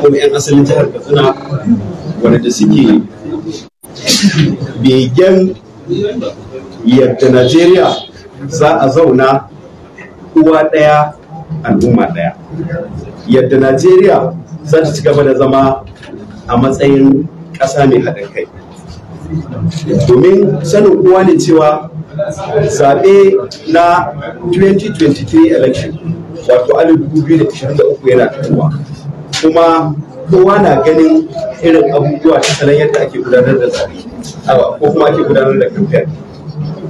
kuma 'yan asalin jihar katsina wadanda suke begen yadda najeriya za a zauna uwa ɗaya al'umma ɗaya yadda najeriya za ta ci gaba da zama a matsayin ƙasa mai haɗin kai domin sanin uwa ne cewa zaɓe na 2023 election wato 2023 yana fitowa kuma kowa na ganin irin abubuwa ta salon yadda ake gudanar da zaɓe ko kuma ake gudanar da kamfen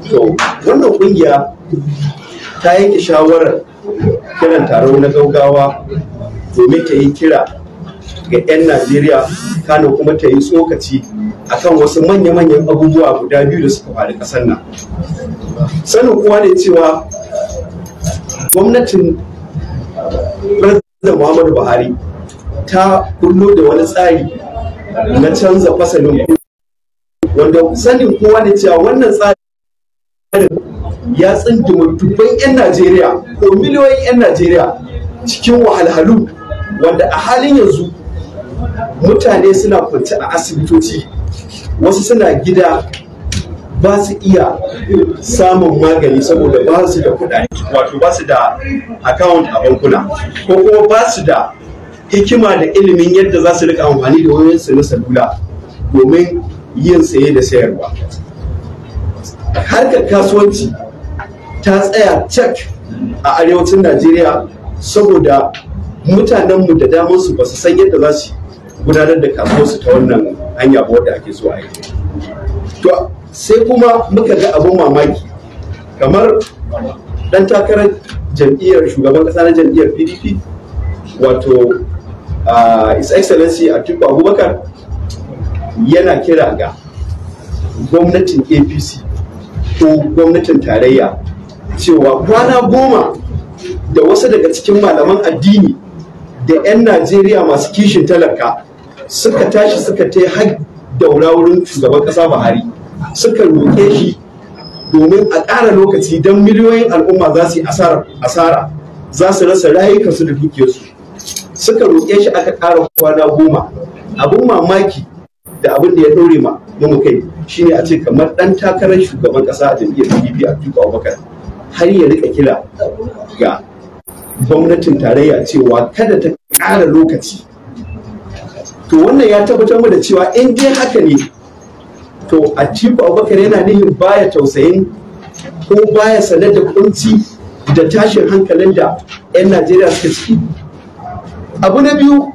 to wannan kungiya ta yanke shawarar kiran taro na gaugawa domin ta yi kira ga 'yan najeriya kano kuma ta yi tsokaci kan wasu manya-manyan abubuwa guda biyu da suka faru ƙasar nan sanin kowa ne cewa gwamnatin da muhammadu buhari ta kullo da wani tsari na canza fasalin wanda sanin kowa da cewa wannan tsarin ya tsindima dubban 'yan najeriya ko miliyoyin 'yan najeriya cikin wahalhalu wanda a halin yanzu mutane suna kwanci a asibitoci wasu suna gida ba su iya samun magani saboda ba su da kudade wato ba su da account a bankuna ko kuma ba su da hikima da ilimin yadda za su rika amfani da wayoyin su na salula domin yin saye da sayarwa harkar kasuwanci ta tsaya cak a arewacin najeriya saboda mutanenmu da damansu ba su san yadda za su gudanar da kasuwarsu ta wannan hanya ba wadda ake zuwa a yi to sai kuma muka ga abin mamaki kamar dan takarar jam'iyyar shugaban kasa na jam'iyyar pdp wato his excellency atiku abubakar yana kira ga gwamnatin apc ko gwamnatin tarayya cewa kwana goma da wasu daga cikin malaman addini da 'yan najeriya masu kishin talaka suka tashi suka ta har daura wurin shugaban ƙasa buhari suka roƙe shi domin a ƙara lokaci don miliyoyin al'umma za su yi asara za su rasa rayukansu da dukiyarsu suka roƙe shi aka ƙara kwana goma abin mamaki da abin da ya ɗore ma mu kai shine a ce kamar ɗan takarar shugaban ƙasa a jam'iyyar PDP a Tuka Abubakar har ya rika kira ga gwamnatin tarayya cewa kada ta ƙara lokaci to wannan ya tabbatar mu da cewa in dai haka ne to a Tuka Abubakar yana nihin baya tausayin ko baya sanar da kunci da tashin hankalin da 'yan Najeriya suka ciki abu na biyu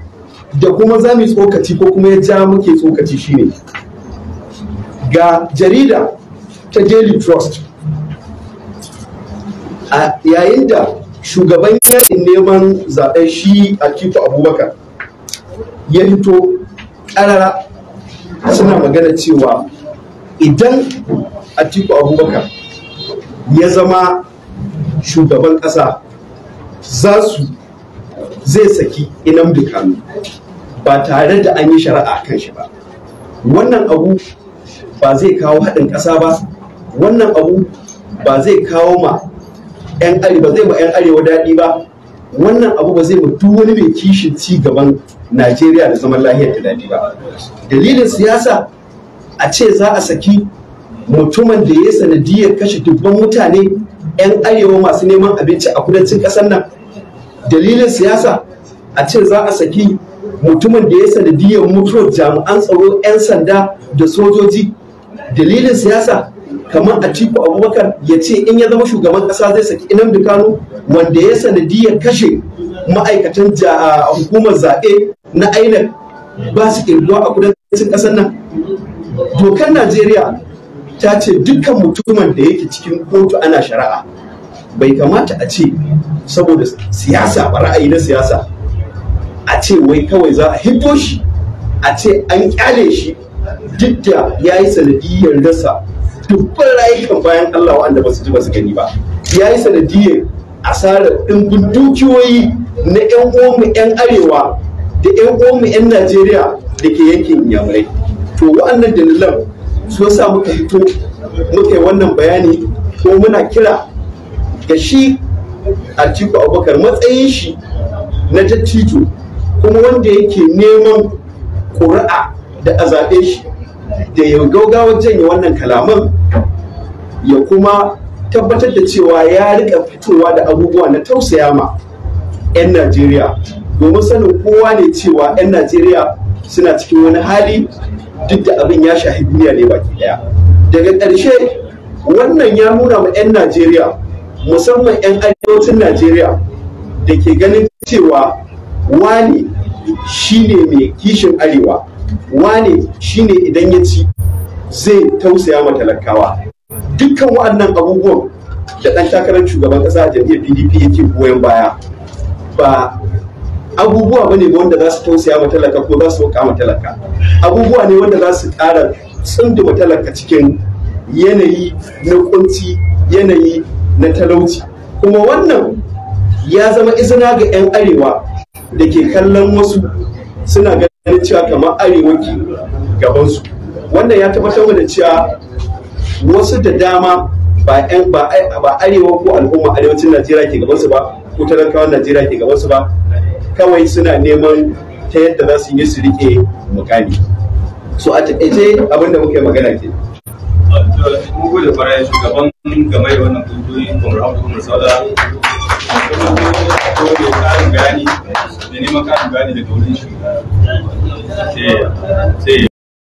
da kuma za mu tsokaci ko kuma ya ja muke tsokaci shine ga jarida ta daily trust a yayin da shugaban yakin neman zaɓen shi a kifo abubakar ya fito ƙarara suna magana cewa idan a atiku abubakar ya zama shugaban ƙasa za su zai saki inamdu kanu ba tare da an yi shari'a kan shi ba wannan abu ba zai kawo haɗin ƙasa ba wannan abu ba zai kawo ma 'yan arewa zai ma 'yan arewa daɗi ba wannan abu ba zai ma duk wani mai kishin ci gaban najeriya da zaman lahiyar ta daɗi ba dalilin siyasa a ce za a saki mutumin da ya sanadiyar kashe dubban mutane 'yan arewa masu neman abinci a kudancin ƙasar nan dalilin siyasa a ce za a saki mutumin da ya sanadiyar mutuwar jami'an tsaro 'yan sanda da sojoji dalilin siyasa kamar a atiku abubakar ya ce in ya zama shugaban kasa zai saki inam kano wanda ya sanadiyar kashe ma'aikatan hukumar zaɓe na inec ba su kirguwa a kudancin ƙasar nan dokar najeriya ta ce dukkan mutumin da yake cikin kotu ana shari'a bai kamata a ce saboda siyasa ba ra'ayi na siyasa a ce wai kawai za a hito shi a ce an kyale shi duk da ya yi sanadiyar rasa dubban rayukan bayan Allah wa'anda ba su ji ba gani ba ya yi sanadiyar asarar ɗimbin dukiyoyi na 'yan omi, 'yan arewa da 'yan omi, 'yan Najeriya da ke yankin yamurai to wa'annan dalilan su sa muka hito muka yi wannan bayani ko muna kira ga shi Atiku Abubakar matsayin shi na dattijo kuma wanda yake neman ƙuri'a da a zaɓe shi da ya gaugawar janye wannan kalaman ya kuma tabbatar da cewa ya rika fitowa da abubuwa na tausaya ma 'yan Najeriya domin sanin kowa ne cewa 'yan Najeriya suna cikin wani hali duk da abin ya shahi duniya ne baki daya daga ƙarshe wannan ya nuna ma 'yan Najeriya musamman 'yan kiristocin najeriya da ke ganin cewa wane ne mai kishin arewa wane ne idan ya ci zai tausaya wa talakawa dukkan waɗannan abubuwan da ɗan takarar shugaban ƙasa a jam'iyyar pdp yake goyon baya ba abubuwa ba ne wanda za su tausaya wa talaka ko za su wa talaka abubuwa ne wanda za su ƙara wa talaka cikin yanayi na kunci yanayi na talauci kuma wannan ya zama izina ga 'yan arewa da ke kallon wasu suna ganin cewa kamar arewa ke gabansu wannan ya tabbatar da cewa wasu da dama ba arewa ko al'umma arewacin najeriya ke gabansu ba ko talakawan najeriya ke gabansu ba kawai suna neman ta yadda za su yi su rike mukami so a da abinda muke magana ke mun gode kwarai shugaban game da wannan kungiyoyi kamar abu kuma sauda dole karin bayani da neman karin bayani daga wurin shugaba sai